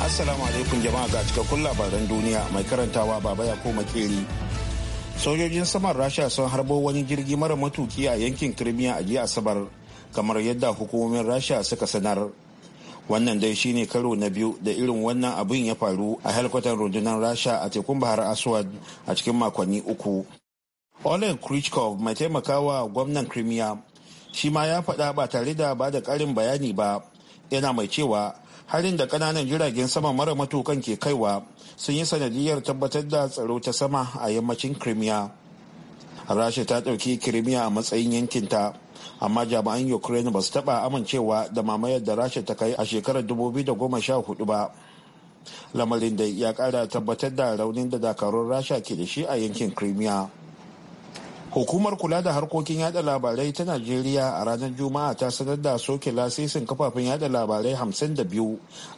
Assalamu alaikum jama'a ga cikakkun labaran duniya mai karantawa baba ya koma keri. Sojojin saman Rasha sun harbo wani jirgi mara matuki a yankin Crimea a jiya Asabar kamar yadda hukumomin Rasha suka sanar. Wannan dai shine karo na biyu da irin wannan abin ya faru a helkwatan rundunar Rasha a tekun Bahar Aswad a cikin makonni uku. Oleg Krichkov mai taimakawa gwamnan Crimea shi ma ya faɗa ba tare da ba da ƙarin bayani ba yana mai cewa harin da kananan jiragen sama mara matukan ke kaiwa sun yi sanadiyar tabbatar da tsaro ta sama a yammacin crimea rasha ta ɗauki kirimiya a matsayin yankinta amma jami'an ukraine ba su taɓa amincewa da mamayar da rasha ta kai a shekarar 2014 ba lamarin da ya ƙara tabbatar da raunin da dakarun rasha ke da shi a yankin kirimiya. Hukumar kula da harkokin yada labarai ta Najeriya a ranar Juma'a ta sanar da soke lasisin kafafen yada labarai 52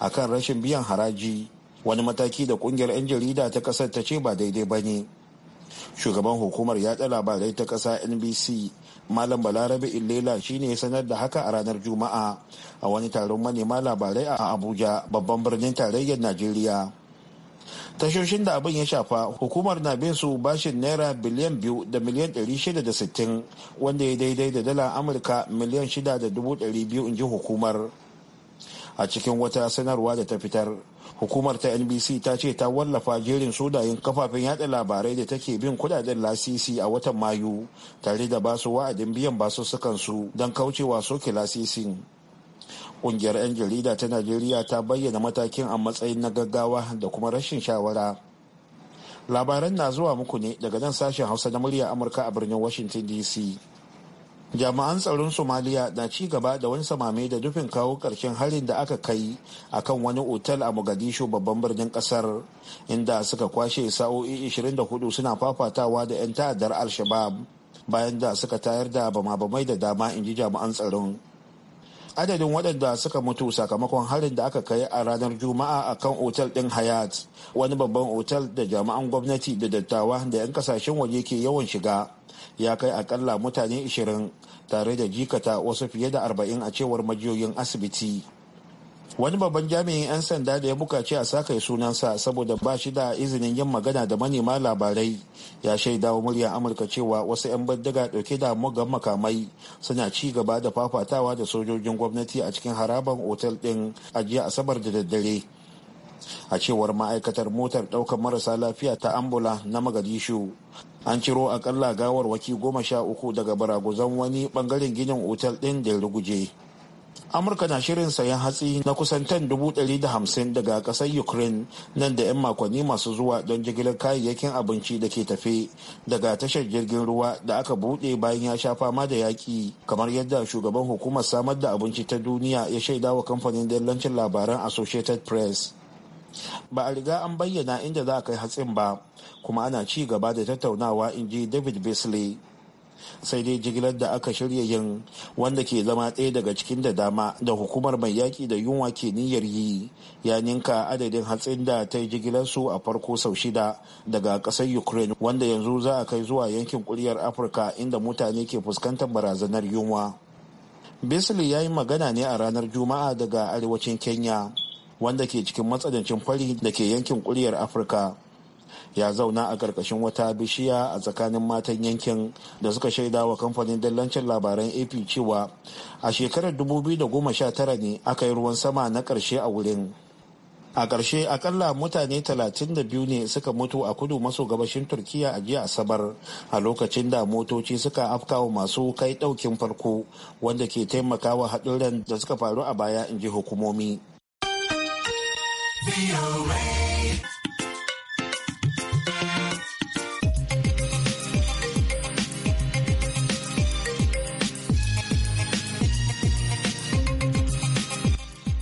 a kan rashin biyan haraji, wani mataki da kungiyar 'yan jarida ta kasar ta ce ba daidai ba ne. Shugaban hukumar yada labarai ta ƙasa NBC, Malam Balarabe Illela shi ne sanar da haka a ranar Juma'a a wani taron manema labarai a Abuja, babban birnin tarayyar Najeriya. tashoshin da abin ya shafa hukumar na bin su bashin naira biliyan biyu da miliyan ɗari wanda ya daidai da dala amurka miliyan shida da in ji hukumar a cikin wata sanarwa da ta fitar hukumar ta nbc ta ce ta wallafa jerin sodayin kafafen yada labarai da take bin kudaden lasisi a watan mayu tare da basu wa'adin biyan basu su don kaucewa soke lasisin Kungiyar 'yan jarida ta Najeriya ta bayyana matakin a matsayin na gaggawa da kuma rashin shawara. Labaran na zuwa muku ne daga nan sashen Hausa na murya Amurka a birnin Washington DC. Jami'an tsaron Somaliya na ci gaba da wani samame da dufin kawo karshen harin da aka kai a kan wani otal a Mogadishu babban birnin kasar inda suka kwashe sa'o'i 24 suna fafatawa da 'yan ta'addar Al-Shabaab bayan da suka tayar da bama-bamai da dama in ji jami'an tsaron. adadin waɗanda suka mutu sakamakon harin da aka kai a ranar juma'a a kan otal ɗin hayat wani babban otal da jami'an gwamnati da dattawa da 'yan kasashen waje ke yawan shiga ya kai akalla mutane 20 tare da jikata wasu fiye da 40 a cewar majiyoyin asibiti wani babban jami'in 'yan sanda da ya bukaci a sakai sunansa saboda ba shi da izinin yin magana da manema labarai ya shaida wa muryar amurka cewa wasu 'yan bindiga dauke da mugan makamai suna ci gaba da fafatawa da sojojin gwamnati a cikin harabar otel din a asabar da daddare a cewar ma'aikatar motar ɗaukar marasa lafiya ta ambula na magadishu an ciro akalla gawarwaki goma sha uku daga baraguzan wani bangaren ginin otel din da ya ruguje amurka na shirin sayan hatsi na kusan tan dubu ɗari da hamsin daga kasar ukraine nan da 'yan makonni masu zuwa don jigilar kayayyakin abinci da ke tafe daga tashar jirgin ruwa da aka buɗe bayan ya sha fama da yaƙi kamar yadda shugaban hukumar samar da abinci ta duniya ya shaida wa kamfanin dillancin labaran associated press ba a riga an bayyana inda za a kai hatsin ba kuma ana ci gaba da tattaunawa in ji david bisley sai dai jigilar da aka shirya yin wanda ke zama ɗaya daga cikin da dama da hukumar mai yaƙi da yunwa ke niyyar yi ya ninka adadin hatsin da ta yi jigilar su a farko sau shida daga ƙasar ukraine wanda yanzu za a kai zuwa yankin kuryar afirka inda mutane ke fuskantar barazanar yunwa bisli ya yi magana ne a ranar Juma'a daga arewacin Kenya wanda ke cikin matsanancin fari da ke yankin kuryar Afirka. ya zauna a ƙarƙashin wata bishiya a tsakanin matan yankin da suka shaida wa kamfanin dallancin labaran ap cewa a shekarar 2019 ne aka yi ruwan sama na ƙarshe a wurin a karshe akalla mutane 32 ne suka mutu a kudu maso gabashin turkiya a jiya asabar a lokacin da motoci suka afkawa masu kai ɗaukin farko wanda ke taimakawa haɗuran da suka faru a baya in ji hukumomi.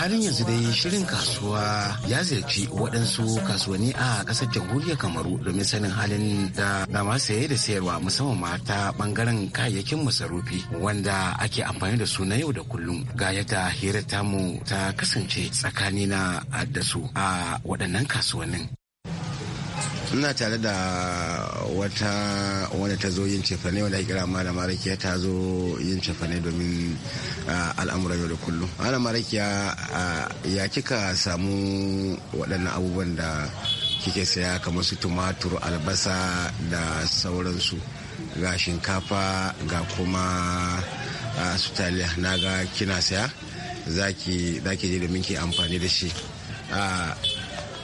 halin yanzu dai shirin kasuwa ya ziyarci waɗansu kasuwanni a ƙasar jamhuriyar kamaru domin sanin halin da na saye da sayarwa musamman mata ta ɓangaren kayayyakin masarufi wanda ake amfani da su na yau da kullum ga yadda hirar tamu ta kasance tsakani da su a waɗannan kasuwannin. ina tare da wata wanda ta zo yin cefane wanda kira malam marakiya ta zo yin cefane domin al'amuran yau da kullum malam marakiya ya kika samu waɗannan abubuwan da kike saya kamar su tumatur albasa da sauransu ga shinkafa ga kuma su taliya na ga kina saya za ki je domin ki amfani da shi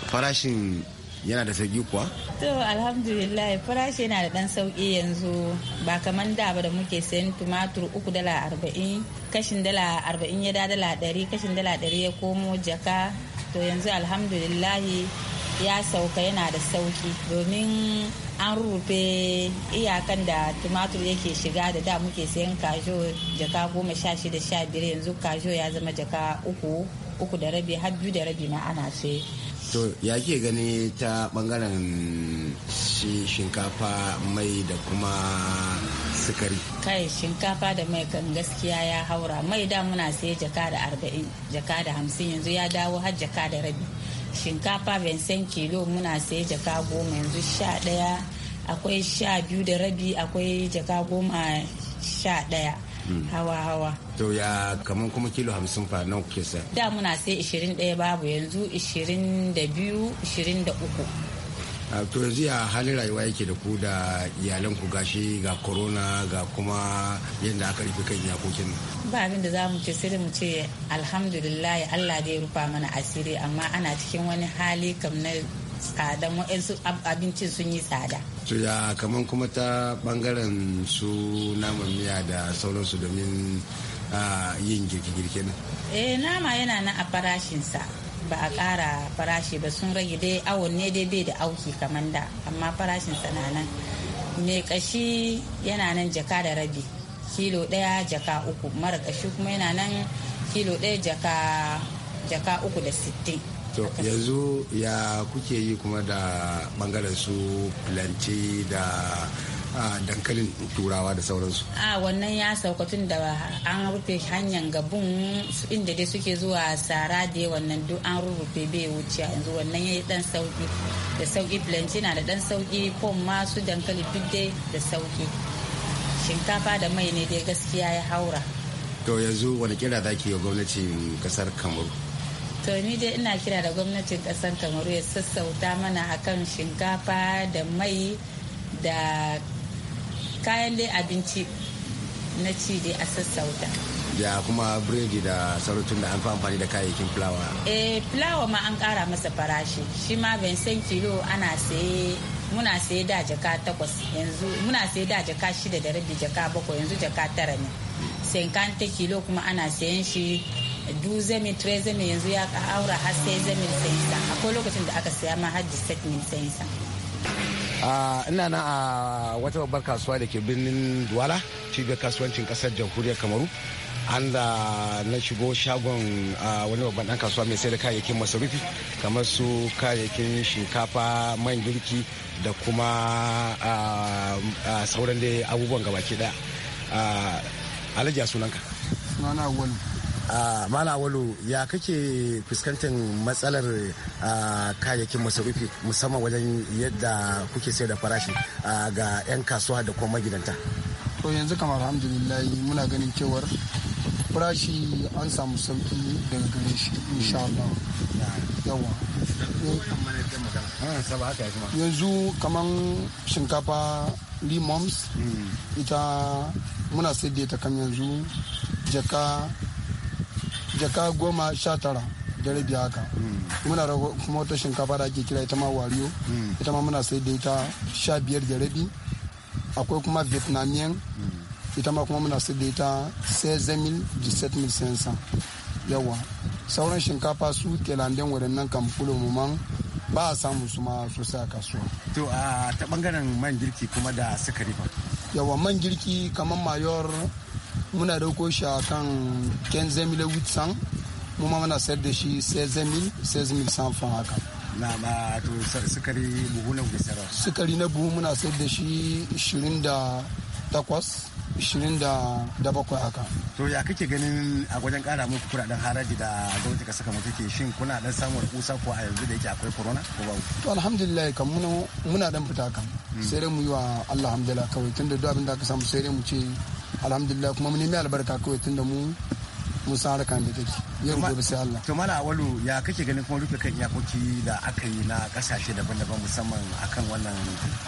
farashin yana da sauki kuwa? To alhamdulillah farashi yana da dan sauki yanzu ba kamar da ba da muke sayan tumatur uku dala arba'in kashin dala arba'in ya da dala ɗari kashin dala ɗari ya komo jaka to yanzu alhamdulillah ya sauka yana da sauki domin an rufe iyakan da tumatur yake shiga da da muke sayan kajo jaka goma sha shida sha biyar yanzu kajo ya zama jaka uku uku da rabi har biyu da rabi ma ana sai to ya ke gani ta bangaren shi shinkafa mai da kuma sukari kai shinkafa da mai kan gaskiya ya haura mai da muna sai jaka da arba'in jaka da hamsin yanzu ya dawo har jaka da rabi shinkafa bensan kilo muna sai jaka goma yanzu sha daya akwai sha biyu da rabi akwai jaka goma sha daya hawa-hawa. To ya kamar kuma kilo hamsin fa nan kuke sa? Da muna sai ishirin ɗaya babu yanzu ishirin da biyu ishirin da uku. to yanzu ya halin rayuwa yake da ku da iyalan ku gashi ga corona ga kuma yadda aka rufe kan iyakokin ba abin da zamu ce sai mu ce alhamdulillah Allah dai rufa mana asiri amma ana cikin wani hali kam na tsadan waɗansu abincin sun yi tsada. to ya kamar kuma ta bangaren su naman miya da sauransu domin yin girke-girke na. eh nama yana nan a farashinsa ba a ƙara farashi ba sun rage dai awon ne dai bai da auki kamar da amma farashinsa na nan mai kashi yana nan jaka da rabi kilo ɗaya jaka uku mara kashi kuma yana nan kilo ɗaya jaka uku da sittin to yanzu ya kuke yi kuma da bangaren su planti da dankalin turawa da sauransu. a wannan ya sauka tun da an rufe hanyar gabun inda dai suke zuwa sara da wannan duk an rurrufe bai wuce yanzu wannan ya yi dan sauki da sauki na da dan sauki pom masu dankali duk dai da sauki shinkafa da mai ne dai gaskiya ya haura to yanzu wani kira zaki yi gwamnatin kasar kamaru to ni dai ina kira da gwamnatin kasar kamaru ya sassauta mana akan shinkafa da mai da kayan dai abinci na ci dai a sassauta da kuma biredi da sarutun da an fi amfani da kayayyakin fulawa eh fulawa ma an kara masa farashi shi ma san kilo ana saye muna saye da jaka takwas yanzu muna saye da jaka shida da rabi jaka bakwai yanzu jaka tara ne ta kilo kuma ana sayan shi duze mai treze mai yanzu ya aura har sai zemin a akwai lokacin da aka saya ma har set min sayinsa ina na a wata babbar kasuwa da ke birnin duwala cibiyar kasuwancin kasar jamhuriyar kamaru an da na shigo shagon wani babban dan kasuwa mai sai da kayayyakin masarufi kamar su kayayyakin shinkafa man girki da kuma sauran da abubuwan gabaki daya alajiya sunanka sunana wani Ah, malawalu ya kake fuskantar matsalar ah, kayayyakin masarufi musamman wajen yadda kuke sayar da farashi ah, ga 'yan kasuwa da kuma magidanta to yanzu kamar alhamdulillah muna ganin cewar farashi an samu sauki daga gare shi insha Allah yanzu kamar shinkafa limoms hmm. ita muna sai da ta kam yanzu jaka jaka goma sha tara da rabi haka muna rago kuma wata shinkafa da ake kira ita ma wariyo ita ma muna sai da ita sha biyar da rabi akwai kuma vietnamian ita ma kuma muna sai da ita seize mil dix-sept yawa sauran shinkafa su telandin waɗannan kamfulo mu man ba a samu su ma sosai a kasuwa. To a ta bangaren man girki kuma da sukari ba. Yawa man girki kamar mayor muna dauko shi a kan 15,800 mu ma muna sayar da shi 16,000 fan haka na ma to sukari buhu na gusara sukari na buhu muna sayar da shi 28 27 haka to ya kake ganin a wajen kara muku kudaden haraji da gwamnati ka saka mutu ke shin kuna dan samun kusa ko a yanzu da yake akwai corona ko ba to alhamdulillah kan muna muna dan fita kan hmm. sai dai mu yi wa Allah alhamdulillah kawai tunda duk abin da aka samu sai dai mu ce alhamdulillah kuma mun nemi albarka kawai tunda mu mun san harkan da take yau gobe sai Allah to mala walu ya kake ganin kuma rufe kan iyakoki da aka yi na kasashe daban-daban musamman akan wannan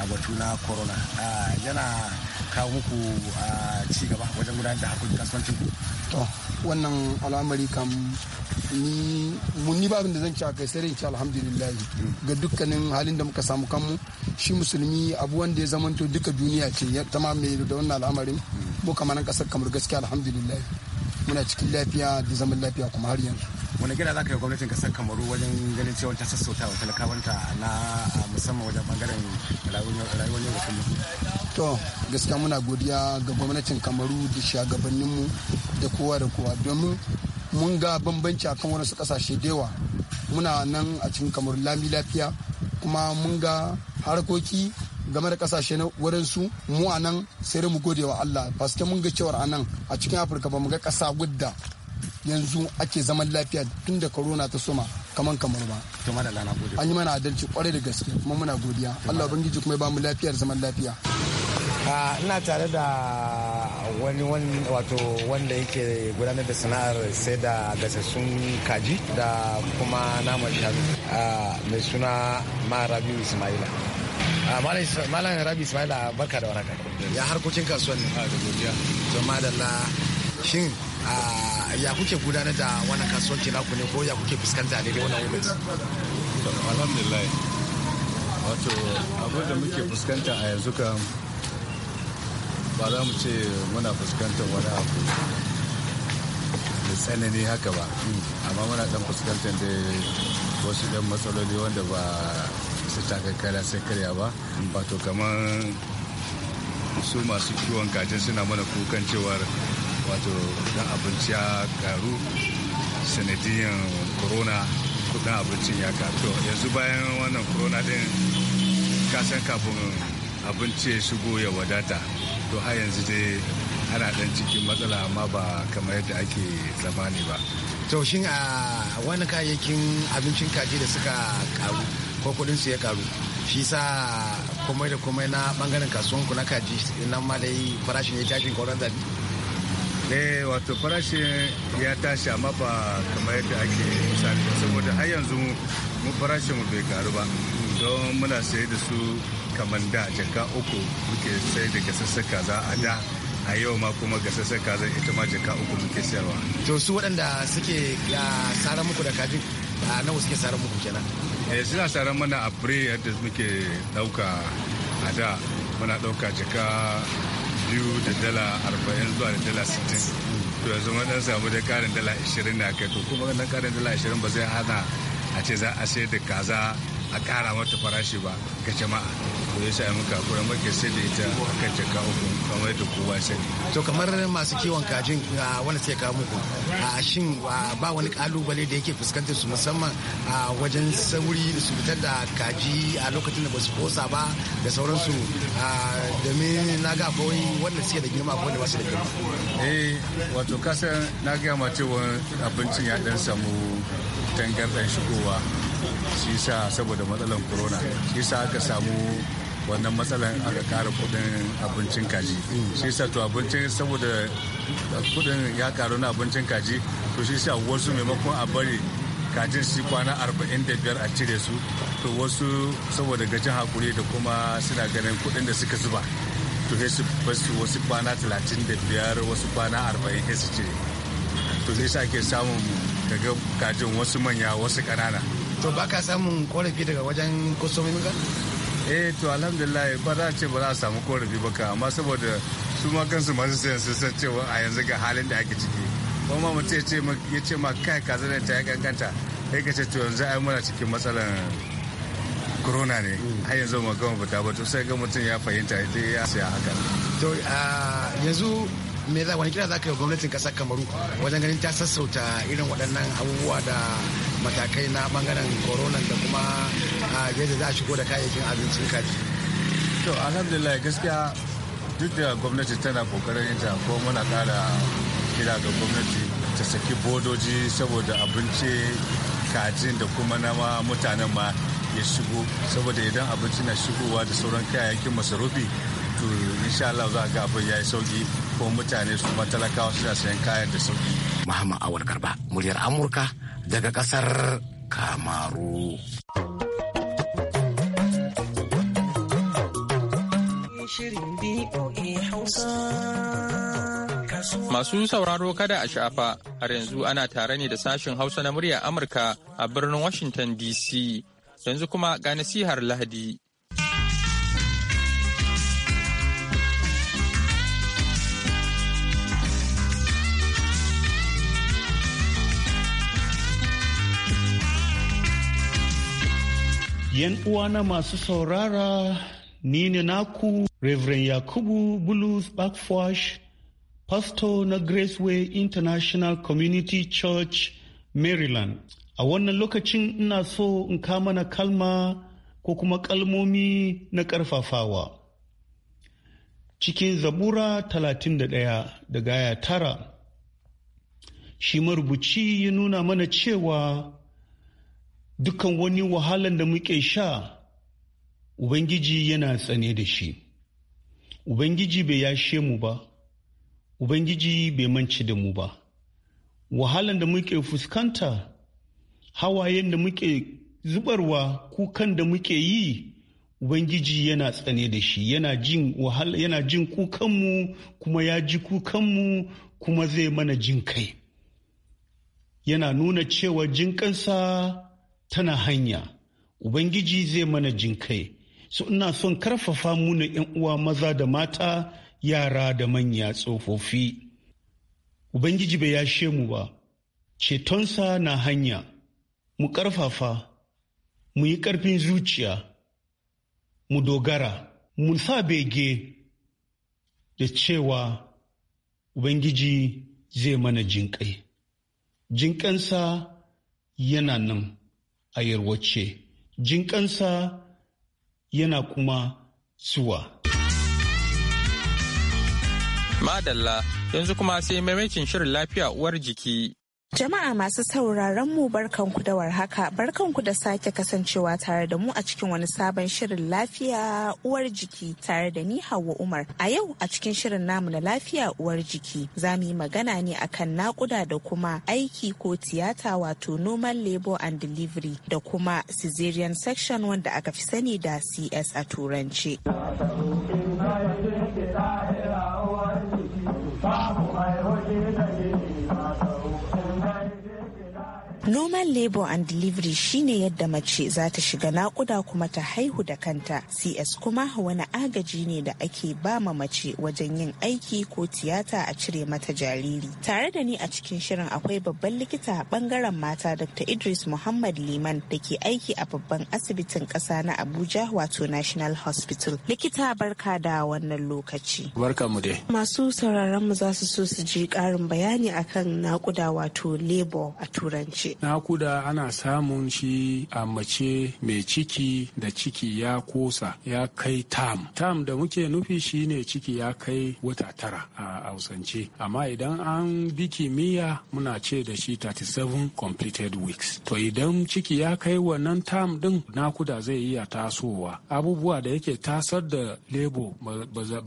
abatu na corona yana kawo muku ci gaba wajen gudanar da hakuri kasuwancin ku to wannan al'amari kam ni mun ni babin da zan ci a kai sai ci alhamdulillah ga dukkanin halin da muka samu kanmu shi musulmi abu wanda ya zamanto duka duniya ce ta mamaye da wannan al'amarin mu kamar kasar kamar gaskiya alhamdulillah muna cikin lafiya da zaman lafiya kuma har yanzu wani gida za ka yi gwamnatin kasar kamaru wajen ganin cewa ta sassauta wa talakawanta na musamman wajen bangaren rayuwar yau da kullum to gaskiya muna godiya ga gwamnatin kamaru da shugabanninmu da kowa da kowa domin mun ga bambanci kan wasu kasashe da yawa muna nan a cikin kamaru lami lafiya kuma mun ga harkoki game da kasashe na wurin su mu a nan sai dai mu gode wa Allah paske mun ga cewar a a cikin Afirka ba mu ga kasa gudda yanzu ake zaman lafiya tun da corona ta soma kaman kamar ba. An yi mana adalci kwarai da gaske kuma muna godiya. Allah Ubangiji kuma ya bamu lafiyar zaman lafiya. Ina tare da wani wato wanda yake gudanar da sana'ar sai da gasassun kaji da kuma namar shanu mai suna Marabiu Ismaila. Malam Rabi Ismaila barka da waraka. Ya harkokin kasuwan ne. Ah, da godiya. To madalla shin ya kuke gudanar da wannan kasuwanci naku ne ko ya kuke fuskanta ne da wannan gwamnati? Alhamdulillah. Wato abin da muke fuskanta a yanzu kan ba za mu ce muna fuskantar wani abu da tsanani haka ba hmm. amma muna dan fuskantar da wasu dan matsaloli wanda ba su taka sai karya ba wato kamar su masu kiwon kajin suna mana kukan cewar wato dan abinci ya karu sanadiyan corona kudin abincin ya karu yanzu bayan wannan corona din kasan kafin abinci ya shigo ya wadata to har yanzu dai ana dan cikin matsala amma ba kamar yadda ake zamani ba to shin a ah, wani kayayyakin abincin kaji da suka karu ko kudin su ya karu shi sa komai da komai na bangaren kasuwan ku na kaji nan ma dai farashin ya tashi koran zabi eh wato farashin ya tashi amma ba kamar yadda ake misali saboda har yanzu mu farashin mu bai karu ba don muna sayar da su kamar da jaka uku muke sai da gasassan kaza a da a yau ma kuma gasassan kaza ita ma jaka uku muke sayarwa to su waɗanda suke tsara ah, muku da kaji a ah, nawa suke tsara muku kenan Eh, suna tsaron mana a fure yadda muke dauka a da muna dauka jaka biyu da dala arba'in zuwa da dala sittin to yanzu mun dan samu da karin dala ashirin na kai to kuma wannan karin dala ashirin ba zai hana a ce za a sayar da kaza a kara mata farashi ba ga jama'a to ai muka kakura muke sai da ita akan jaka uku kamar da kowa sani to kamar masu kiwon kajin wanda sai kawo muku a shin ba wani kalubale da yake fuskantar su musamman a wajen sauri da su fitar da kaji a lokacin da ba su kosa ba da sauransu domin na ga akwai wanda suke da girma akwai wanda ba su da girma eh wato kasan na ga ma cewa abincin ya dan samu tangardan shigowa shi sa saboda matsalan corona shi sa aka samu wannan matsalan aka kara kudin abincin kaji shi sa to abincin saboda kudin ya karu na abincin kaji to shi sa wasu maimakon a bari kajin su kwana 45 a cire su to wasu saboda gajin hakuri da kuma suna ganin kudin da suka zuba to su basu wasu kwana 35 wasu kwana 40 su cire to sai sa ke samun daga kajin wasu manya wasu ƙanana to ba ka samun korafi daga wajen kusurmi ka? eh to alhamdulillah ba za a ce ba za a samu korafi ba ka amma saboda su ma kansu masu sayan su san cewa a yanzu ga halin da ake ciki kuma ma mutum ya ce ma kai ka zanen ta ya kankanta ya ka ce to yanzu ai muna cikin matsalan corona ne mm. har yanzu ma gama fita ba to sai ga mutum ya fahimta ita ya siya haka to yanzu me za wani kira za ka yi gwamnatin kasar kamaru wajen ganin ta sassauta irin waɗannan abubuwa da matakai na bangaren corona da kuma ah, yadda za a shigo da kayayyakin abincin kaji to alhamdulillah gaskiya duk da gwamnati tana kokarin ta ko muna kara kira ga gwamnati ta saki bodoji saboda abinci kajin da kuma na mutanen ma ya shigo saboda idan abinci na shigowa da sauran kayayyakin masarufi to insha Allah za ga abin yayi sauki ko mutane su ma talakawa suna sayan kayan da sauki Muhammad Awal Garba muryar Amurka daga kasar kamaru Masu sauraro kada a shafa, har yanzu ana tare ne da sashen Hausa na murya Amurka a birnin Washington DC, yanzu kuma ga nasihar Lahadi. yan uwa na masu saurara ni ne naku Reverend Yakubu Bulus backfash pastor na Graceway International Community Church, Maryland. A wannan lokacin ina so in kama na kalma ko kuma kalmomi na karfafawa. Cikin Zabura talatin da ɗaya da gaya tara, shi marubuci ya nuna mana cewa dukkan wani wahalan da muke sha ubangiji yana tsane da shi ubangiji bai yashe mu ba ubangiji bai manci da mu ba wahalan da muke fuskanta hawayen da muke zubarwa kukan da muke yi ubangiji yana tsane da shi yana jin kukanmu kuma ya ji kukanmu kuma zai mana jin kai yana nuna cewa jinkansa tana hanya ubangiji zai mana jinkai so ina son karfafa muna 'yan uwa maza da mata yara da manya tsofaffi ubangiji bai yashe mu ba cetonsa na hanya mu karfafa mu yi karfin zuciya mu dogara mu sa bege da cewa ubangiji zai mana jinƙai jinƙansa yana nan a yarwace jinƙansa yana kuma suwa Madalla yanzu kuma sai maimakin shirin lafiya uwar jiki Jama'a masu sauraron mu barkanku da warhaka barkanku da sake kasancewa tare da mu a cikin wani sabon shirin lafiya uwar jiki tare da ni Hauwa Umar. A yau a cikin shirin namu na lafiya uwar jiki za mu yi magana ne akan nakuda da kuma aiki ko tiyata wato normal labor and delivery da kuma cesarean section wanda aka fi sani da CS a turance. Noman labor and delivery shine yadda mace za ta shiga nakuda kuma ta haihu da kanta. CS kuma wani agaji ne da ake ba ma mace wajen yin aiki ko tiyata a cire mata jariri. Tare da ni a cikin shirin akwai babban likita a bangaren mata Dr. Idris Muhammad Liman da ke aiki a babban asibitin kasa na Abuja wato National Hospital. Likita barka da wannan lokaci. Barka mu Masu sauraron mu za su so su ji ƙarin bayani akan nakuda wato labor a turanci. nakuda ana samun shi a mace mai ciki da ciki ya kosa ya kai tam tam da muke nufi shine ciki ya kai wata tara a hausance amma idan an bi kimiyya muna ce da shi 37 completed weeks to idan ciki ya kai wannan tam din nakuda zai iya tasowa abubuwa da yake tasar da lebo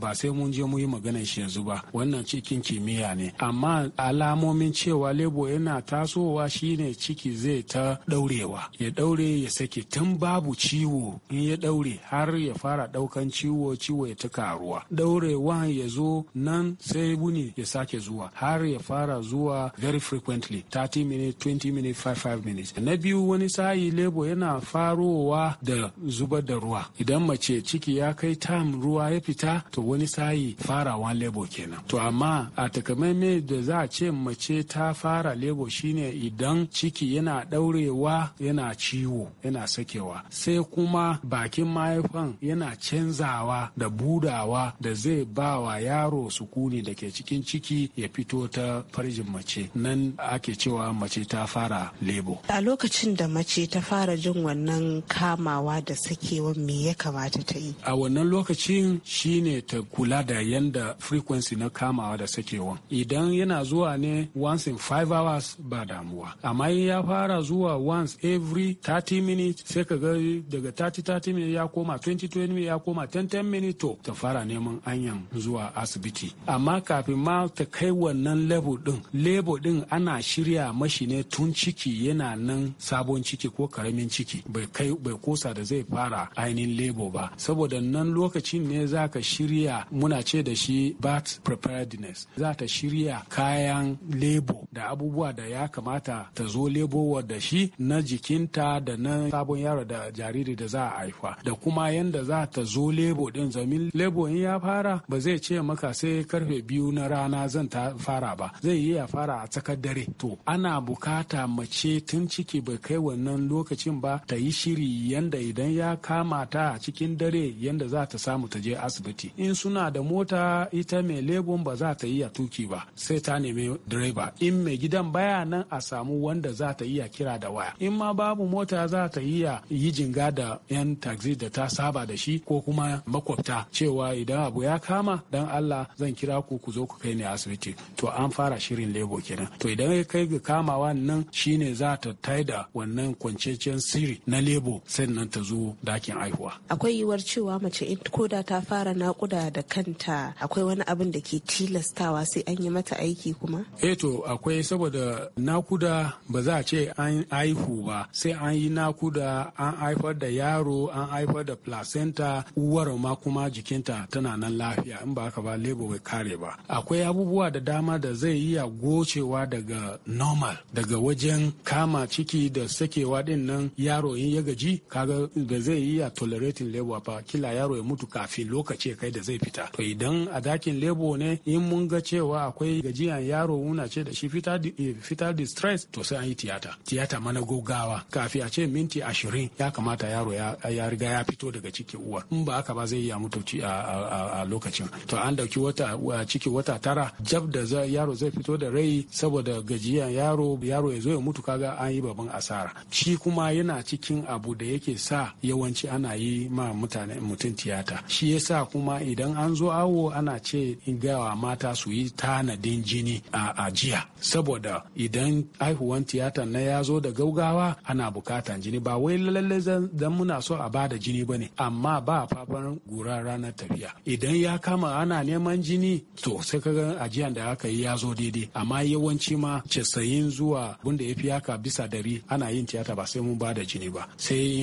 ba sai mun je mu yi maganar shi yanzu ba wannan cikin kimiyya ne amma alamomin cewa lebo yana tasowa shine ciki zai ta daurewa ya daure ya sake tun babu ciwo in ya daure har ya fara daukan ciwo ciwo ya ta karuwa daurewa ya zo nan sai wuni ya sake zuwa har ya fara zuwa very frequently 30 minutes 20 minutes 55 minutes na biyu wani sa'i lebo yana farowa da zubar da ruwa idan mace ciki ya kai tam ruwa ya fita to wani sa'i farawa lebo kenan to amma a takamaimai da za a ce mace ta fara lebo shine idan ciki ciki yana ɗaurewa yana ciwo yana sakewa sai kuma bakin mahaifan yana canzawa da budawa da zai ba wa yaro sukuni da ke cikin ciki ya fito ta farjin mace nan ake cewa mace ta fara lebo a lokacin da mace ta fara jin wannan kamawa da sakewa me ya kamata ta yi a wannan lokacin shine ta kula da yanda frequency na kamawa da sakewa idan yana zuwa ne once in five hours ba damuwa amma ya fara zuwa once every 30 minutes sai ka ga daga 30-30 minutes ya koma 20-20 ya koma 10-10 minutes to ta fara neman anyan zuwa asibiti amma kafin ma ta kai wannan level din level din ana shirya mashi ne tun ciki yana nan sabon ciki ko karamin ciki bai kai bai kosa da zai fara ainihin lebo ba saboda nan lokacin ne za ka shirya muna ce da shi bat preparedness za ta shirya kayan lebo da abubuwa da ya kamata ta zo lebo da shi na jikinta da na sabon yaro da jariri da za a haifa da kuma yanda za ta zo lebo din zamin lebo in ya fara ba zai ce maka sai karfe biyu na rana zan ta fara ba zai yi ya fara a tsakar dare to ana bukata mace tun ciki bai kai wannan lokacin ba ta yi shiri yanda idan ya kama ta a cikin dare yanda za ta samu ta je asibiti in suna da mota ita mai lebon ba za ta yi ya tuki ba sai ta nemi direba in mai gidan baya nan a samu wanda motar za ta iya kira da waya in ma babu mota za ta iya yi jinga da yan taxi da ta saba da shi ko kuma makwabta cewa idan abu ya kama dan Allah zan kira ku ku zo ku kai ni asibiti to an fara shirin lebo kenan to idan ya kai ga kamawa nan shine za ta taida wannan kwanciyar sirri na lebo sannan ta zo dakin aihuwa akwai yiwuwar cewa mace in koda ta fara nakuda da kanta akwai wani abin da ke tilastawa sai an yi mata aiki kuma eh to akwai saboda nakuda ba za a ce an haihu ba sai an yi da an haifar da yaro an haifar da placenta uwar ma kuma jikinta tana nan lafiya in ba haka ba lebo bai kare ba akwai abubuwa da dama da zai iya gocewa daga normal daga wajen kama ciki da sakewa din nan yaro in ya gaji kaga da zai iya tolerating lebo ba kila yaro ya mutu kafin lokaci kai da zai fita to idan a dakin lebo ne in mun ga cewa akwai gajiyan yaro muna ce da shi fita eh, distress to sai an yi tiyata tiyata mana gogawa kafi a ce minti ashirin ya kamata yaro ya riga ya fito daga ciki uwa in ba haka ba zai yi mutu a lokacin to an dauki wata ciki wata tara jab da yaro zai fito da rai saboda gajiyan yaro yaro ya zo ya mutu kaga an yi babban asara shi kuma yana cikin abu da yake sa yawanci ana yi ma mutane mutum tiyata shi yasa kuma idan an zo awo ana ce gawa mata su yi tanadin jini a ajiya saboda idan haihuwan tiyata tiyatan na ya zo da gaugawa ana bukatan jini ba wai lalle zan muna so a bada jini bane amma ba fafan gura ranar tafiya idan ya kama ana neman jini to sai kaga ajiyan da aka yi ya zo daidai amma yawanci ma casayin zuwa bunda ya fi haka bisa dari ana yin tiyata ba sai mun bada jini ba sai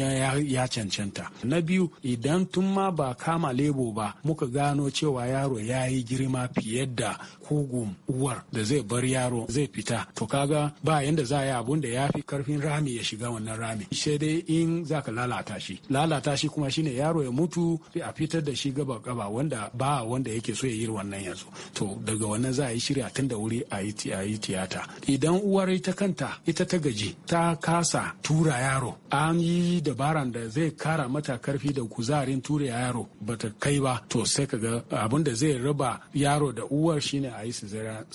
ya cancanta na biyu idan tun ma ba kama lebo ba muka gano cewa yaro ya yi girma fiye da kugun uwar da zai bar yaro zai fita to kaga ba yanda za yi abun da ya fi karfin rami ya shiga wannan rami sai dai in za ka lalata shi lalata shi kuma shine yaro ya mutu a fitar da shi gaba gaba wanda ba wanda yake so ya yi wannan yanzu to daga wannan za a yi shirya tun da wuri a yi tiyata idan uwar ita kanta ita ta gaji ta kasa tura yaro an yi dabaran da zai kara mata karfi da kuzarin tura yaro bata kai ba to sai ka ga abin da zai raba yaro da uwar shine a yi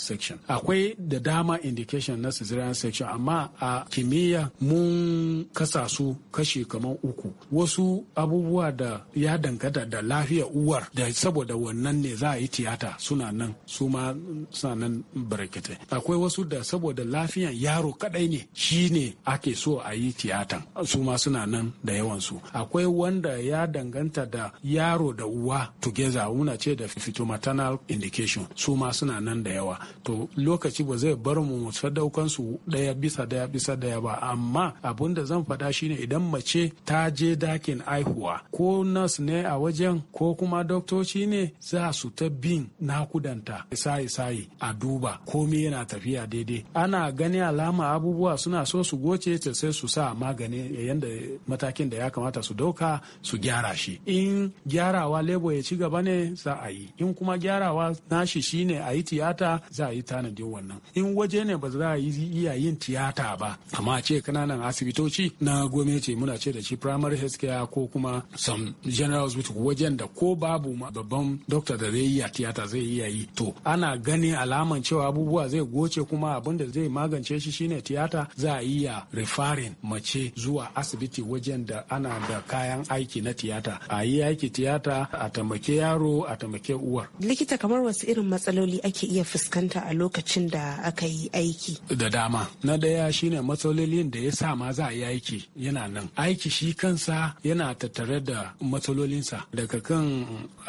section akwai da dama indication na cesarean section amma a kimiyya mun kasa su kashi kamar uku wasu abubuwa da ya dangata da lafiyar uwar da saboda wannan ne za a yi tiyata suna nan su ma suna nan barkatai akwai wasu da saboda lafiyan yaro kadai ne shi ne ake so a yi tiyatan su ma suna nan da yawansu akwai wanda ya danganta da yaro da uwa together muna ce da fitomaternal indication su ma suna nan da yawa to lokaci ba zai bar mu mu sadaukan su daya bisa bisa daya bisa daya ba amma abun da zan faɗa shine idan mace ta je dakin aihuwa ko nas ne a wajen ko kuma doktoci ne za su ta bin nakudanta sayi sayi a duba komai yana tafiya daidai ana gani alama abubuwa suna so su goce ta sai su sa magani yanda matakin da ya kamata su dauka su gyara shi in gyarawa lebo ya ci gaba ne za a yi in kuma gyarawa nashi shine a yi tiyata za a yi tanadin wannan in waje ne ba za a yi iya yin tiyata tiyata ba amma ce kananan asibitoci na gwamnati muna ce da shi primary health care ko kuma some general hospital wajen da ko babu babban doctor da zai iya tiyata zai iya yi to ana ganin alaman cewa abubuwa zai goce kuma abin da zai magance shi shine tiyata za a iya referring mace zuwa asibiti wajen da ana da kayan aiki na tiyata a yi aiki tiyata a tamake yaro a tamake uwar likita kamar wasu irin matsaloli ake iya fuskanta a lokacin da aka yi aiki da dama na daya shine matsalolin da ya sa ma za a yi aiki yana nan aiki shi kansa yana tattare da matsalolinsa daga kan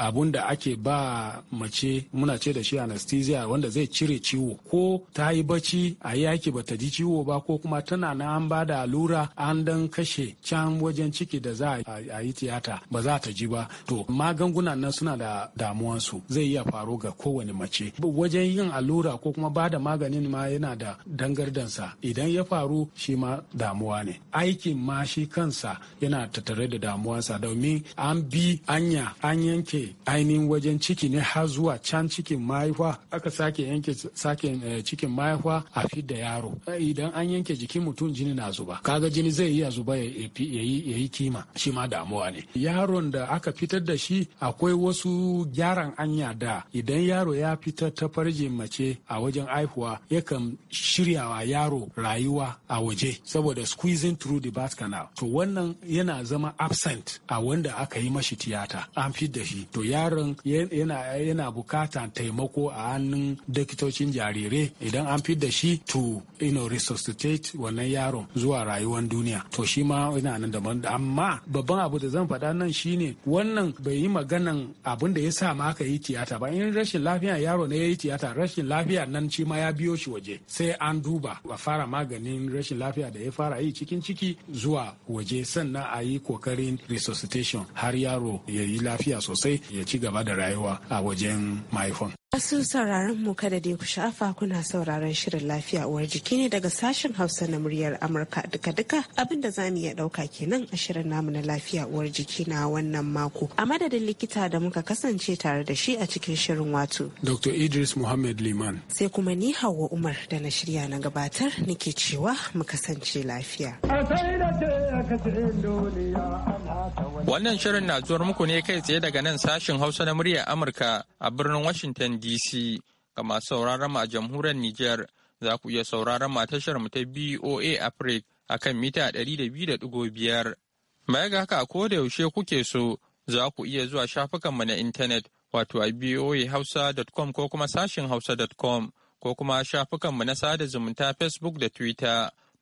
abun da ake ba mace muna ce da shi anesthesia wanda zai cire ciwo ko ta yi bacci a yi aiki ba ta ji ciwo ba ko kuma tana na an ba da allura an dan kashe can wajen ciki da za a yi tiyata ba za ta ji ba to magunguna nan suna da damuwansu zai iya faru ga kowane mace wajen yin allura ko kuma ba da maganin ma yana da dangardansa idan ya faru shi ma damuwa ne aikin ma shi kansa yana tattare da damuwarsa domin an bi anya an yanke ainihin wajen ciki ne har zuwa can cikin mahaifa aka sake yanke sake eh, cikin mahaifa a da yaro idan an yanke jikin mutum jini na zuba kaga jini zai iya zuba ya yi kima shi ma damuwa ne yaron da aka fitar da shi akwai wasu gyaran anya da idan yaro ya fitar ta farjin mace a wajen aihuwa yakan shiryawa yaro rayuwa a waje saboda squeezing through the birth canal to wannan yana zama absent a wanda aka yi mashi tiyata an da shi to yaron yana yana bukatan taimako a hannun dakitocin jarire idan an da shi to you know resuscitate wannan yaron zuwa rayuwan duniya to shi ma yana nan daban amma babban abu da zan faɗa nan shine wannan bai yi maganan abin da ya sa ma aka yi tiyata ba in rashin lafiya yaro ne ya yi tiyata rashin lafiya nan shi ma ya biyo shi waje sai an duba a fara fara maganin rashin lafiya da ya fara yi cikin ciki zuwa waje sannan a yi kokarin resuscitation har yaro ya yi lafiya sosai ya ci gaba da rayuwa a wajen mahaifan. Masu sauraron mu kada dai ku sha'afa kuna sauraron shirin lafiya uwar jiki ne daga sashen Hausa na muryar Amurka duka-duka abin da zamu iya dauka kenan a shirin namu na lafiya uwar jiki na wannan mako. A madadin likita da muka kasance tare da shi a cikin shirin wato. Dr. Idris Muhammad Liman. Sai kuma ni Hauwa Umar da na shirya na gabatar nake cewa mu kasance lafiya. A sai da a duniya Wannan shirin na zuwar muku ne kai tsaye daga nan sashin Hausa na muryar Amurka a birnin Washington DC ga masu sauraron mu a jamhuriyar niger za ku iya sauraron mu a tashar mu ta BOA Africa a kan mita 200.5. Baya ga haka ko da yaushe kuke so za ku iya zuwa shafukanmu na intanet wato a boahausa.com ko kuma sashin hausa.com ko kuma shafukanmu na sada zumunta Facebook da Twitter.